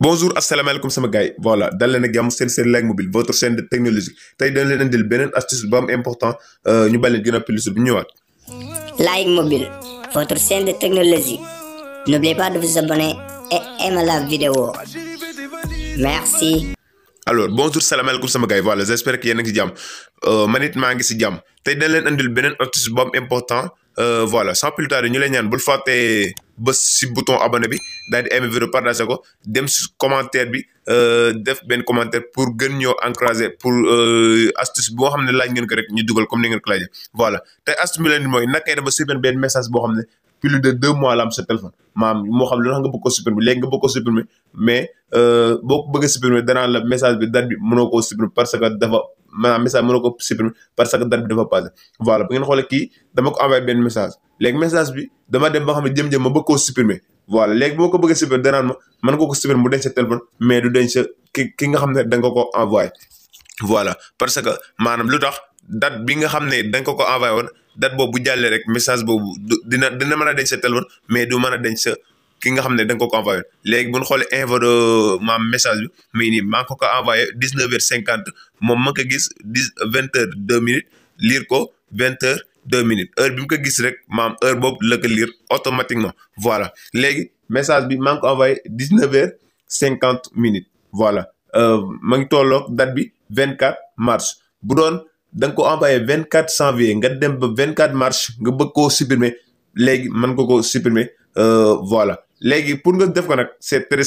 bonjour asalaamaaleykum sama gars yi voilà dal leen ak seen seen Like Mobile votre chaîne de technologie tey dañ leen indil beneen astuce ba am important euh, ñu baleen gën a plus bu ñëwaat. Like Mobile votre chaîne de technologie n'oubliez pas de vous abonner et aimer la vidéo merci. alors bonjour salaamaaleykum sama gars yi voilà j'espère que yéen a ngi si jàmm euh, it maa ngi si jàmm tey dañ leen indil beneen astuce ba important euh, voilà sans plus ñu lay ñaan bul fàtte. ba si bouton abonné bi daal di aimer bi euh, def benn commentaire pour gën ñoo encourager pour euh, astuce boo xam ne laaj ngeen ko rek ñu dugal comme ni ngeen ko laajee voilà tey astuce bi leen di mooy naka dafa supprimer benn message boo xam ne plus de deux mois la sa téléphone maam moo xam lu nga bëgg ko supprimer léegi nga bëgg ko supprimer mais euh, boo ko bëgg a supprimer danaa la message bi date bi mënoo koo supprimer parce que dafa maanaam message mënoo ko supprimer parce que date bi dafa passé voilà bu ngeen xoolee kii dama ko envoyé benn message léegi message bi dama dem ba xam ne jëm koo supprimer voilà léegi boo ko bëggee supprimer danaan ma mën nga ko supprimer mu denc sa téléphone mais du denc sa ki nga xam ne da nga ko envoyé voilà parce que maanaam lu tax date bi nga xam ne da ko ko envoyé woon date boobu bu jàllee rek message boobu dina dina mën a denc sa téléphone mais du mën a denc sa ki nga xam ne da ko ko envoyé léegi bu ñu xoolee info de maam message bi muy nii maa ko ko envoyé dix neuf heures cinquante moom ma ko gis dix vingt heures deux minutes liir ko vingt heures deux minutes heure bi mu ko gis rek mam heure boobu la liir lire automatiquement voilà léegi message bi maa ngi ko envoyé dix neuf heures cinquante minutes voilà euh, ma ngi tolloog date bi vingt quatre mars bu doon da nga ko envoyé vingt quatre janvier nga dem ba vingt quatre mars nga bëgg koo supprimer léegi mën nga koo supprimer euh, voilà. léegi pour nga def ko nag c' est très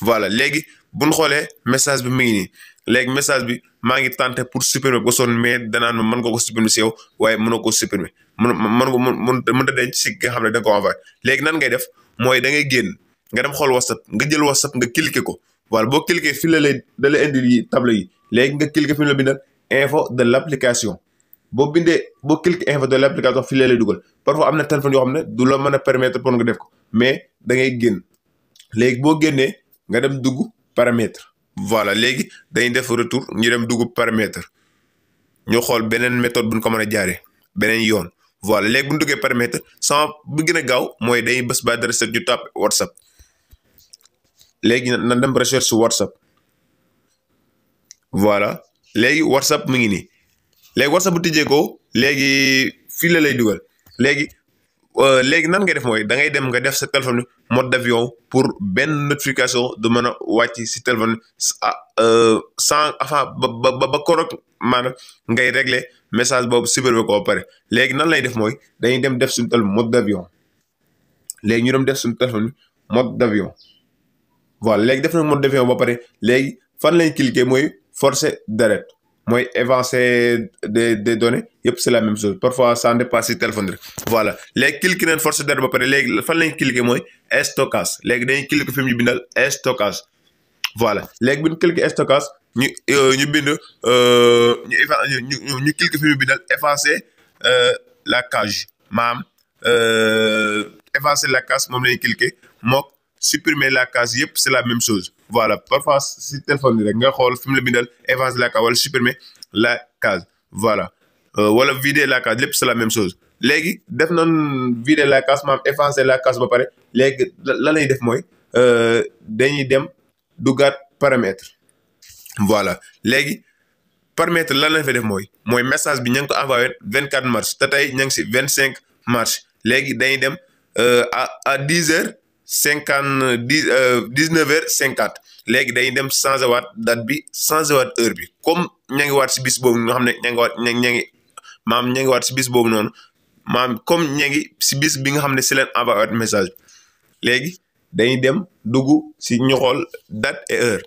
voilà léegi bu ñu xoolee message bi mu ngi nii léegi message bi maa ngi tenté pour supprimer bo sonn mais danaan ma mën nga ko supprimer si yow waaye mënoo ko supprimer mën mën ko mën mën a denc si nga xam ne da ko envoyé léegi nan ngay def mooy da génn nga dem xool WhatsApp nga jël WhatsApp nga cliquer ko voilà boo cliquer fii la lay da lay indil yi table yi léegi nga cliquer fi mu la bindal info de l' boo bindee boo cliquer info de l' application fii lay lay dugal parfois am na téléphone yoo xam ne du la mën a permettre pour nga def ko mais da ngay génn léegi boo génnee nga dem dugg paramètre. voilà léegi dañuy def retour ñu dem dugg paramètre ñu xool beneen méthode bu ñu ko mën a jaaree beneen yoon voilà léegi bu ñu duggee paramètre sama bu gën a gaaw mooy dañuy bës ba adresse ñu tap WhatsApp léegi na dem recherche WhatsApp voilà léegi WhatsApp mu ngi nii. léegi sa bu tijjee ko léegi fii la lay dugal léegi euh, léegi nan ngay def mooy da ngay dem nga def sa téléphone mode d'avion pour benn notification du mën a wàcc si téléphone ah, euh, sans avant ba ba ba korog maana ngay régler message boobu supprimer ko ba pare léegi nan lay def mooy dañuy dem def suñu téléphone mode d'avion léegi ñu dem def suñu téléphone mode d'avion voilà léegi def na mode d'avion ba pare léegi fan lañ cliquer mooy forcer d'arrêt mooy avancée de des données yëpp c'est la même chose parfois ça dépasse si téléphone rek voilà léegi cliquer nañ force d'erreur ba pare léegi fan lañ cliquer mooy stockage léegi dañuy cliquer fi mu ñu bindal stockage voilà léegi bu ñu cliquer stockage ñu euh, ñu bind euh, ñu ñu ñu cliquer fi mu bindal effacer euh, la cage maam effacer la cage moom lañuy cliquer mook supprimer la case yëpp c'est la même chose voilà parfois si téléphone bi rek nga xool fi mu la bindal effacer la case wala supprimer la case voilà euh, wala vider la case lépp c'est la même chose léegi def nañ vider la case maam effacer la case ba pare léegi la lay def mooy euh, dañuy dem duggaat paramètre voilà léegi paramètre lan lañ fa def mooy mooy message bi ña ngi ko envoyé vingt quatre mars te tey ña ngi si vingt cinq mars léegi dañuy dem euh, à à dix heures cinquante euh, dix dix neuf heures cinquante léegi day dem changé waat date bi changé waat heure bi comme ña ngi waat si bis boobu nga xam ne ña ngi waat ngi maam ña ngi si bis boobu noonu maam comme ña ngi si bis bi nga xam ne si leen envoyé waat message léegi dañuy dem dugg si ñu xool date heure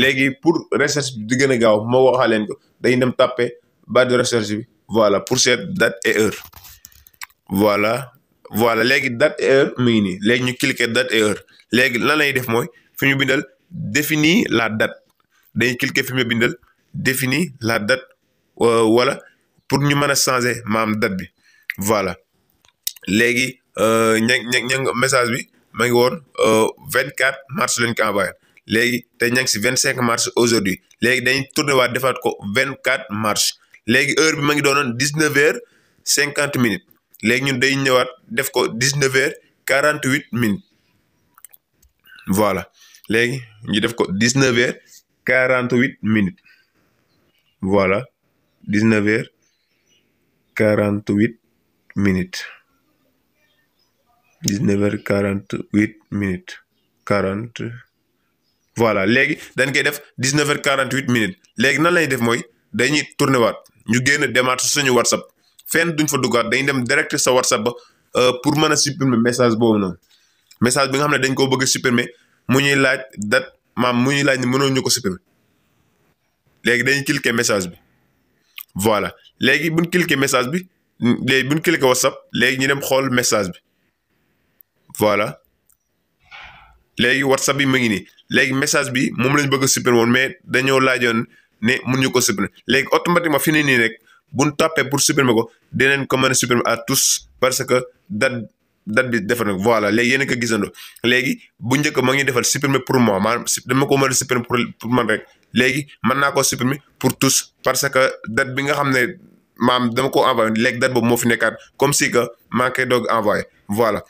léegi pour recherche bi di a gaaw moo waxaa leen ko dañuy dem tàppe ba de recherche bi voilà pour cette date et heure voilà voilà léegi date heure mu ngi nii léegi ñu cliquer date et heure léegi lan lay def mooy fi bindal définir la date dañu cliquer fi ñu bindal défini la date wala euh, pour ñu mën a changer maam date bi voilà léegi euh, ña ña ña message bi ma ngi woon euh, vingt quatre mars lañ ko envoyé léegi te ña ngi si vingt cinq mars aujourd'hui léegi dañuy tourné waat defaat ko vingt quatre marche léegi heure bi ma ngi doonoon dix neuf heures cinquante minutes. léegi ñun day ñëwaat def ko dix-neuf heures quarante-huit minutes voilà léegi ñu def ko dix-neuf heures quarante-huit minutes voilà dix-neuf heures quarante-huit minutes dix-neuf heures quarante voilà léegi dañ koy def dix-neuf heures quarante-huit minutes léegi nan lay def mooy dañuy tourner waat ñu génn demaat suñu WhatsApp feen duñ fa duggaat dañ dem direct sa whatsapp ba euh, pour mën a supprimer message boobu noonu message bi nga xam ne dañ koo bëgg a supprimer mu ñuy laaj date maam mu ñuy laaj ne mënoo ñu ko supprimer léegi dañuy cliquer message bi voilà léegi buñ cliquer message bi léegi buñ cliquer whatsapp léegi ñu dem xool message bi voilà léegi whatsapp bi mu ngi léegi message bi moom lañ bëgg a supprimer woon mais dañoo laajoon ne mënuñu ko supprimer léegi automatiquement fi ne nii rek buñ toppee pour supprimer ko dinañ ko mën a supprimer à tous parce que date date bi defar na voilà léegi yéen a gisando gisandoo léegi bu njëkk ma ngi defal supprimer pour moi maanaam dama ko mën a supprimer pour man rek léegi mën naa koo supprimer pour tous parce que date bi nga xam ne maam dama ko envoyé léegi date boobu moo fi nekkaat comme si que maa ngi koy doog voilà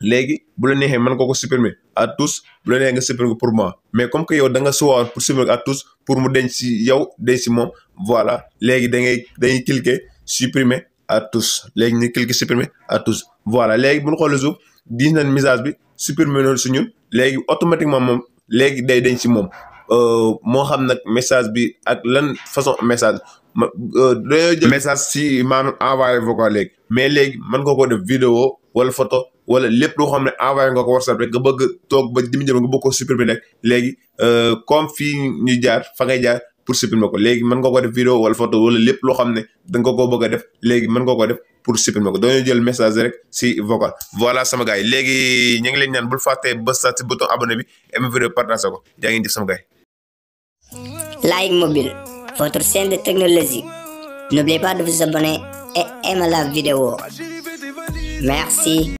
léegi bu la neexee mën nga ko supprimer à tous bu la nee nga supprimer pour moi mais comme que yow da nga suwaawoon pour supprimer à tous pour mu denc si yow denc si moom voilà léegi da ngay dañuy cliquer supprimer à tous léegi ñu cliquer supprimer à tous voilà léegi bu ñu xoolee suuf gis nañ message bi supprimer noonu si ñun léegi automatiquement moom léegi day denc si moom euh, moo xam nag message bi ak lan façon message ma euh, message si maanaam envoyé vocal léegi mais léegi mën nga koo def vidéo wala photo. wala lépp loo xam ne envoyé nga ko WhatsApp rek nga bëgg toog ba dimu jëm nga bëgg ko supprimer rek léegi euh, comme fii ñu jaar fa ngay jaar pour supprimer ko léegi mën nga ko def vidéo wala photo wala lépp loo xam ne da nga ko bëgg def léegi mën nga ko def pour supprimer ko dooñu jël message rek si vocal voilà sama gars yi léegi ñu ngi leen ñaan bul fàttee ba sa si bouton abonné bi aimé vidéo partagé ko yaa ngi jëf sama gars yi Like Mobile votre chaîne de technologie n'oubliez pas de vous abonner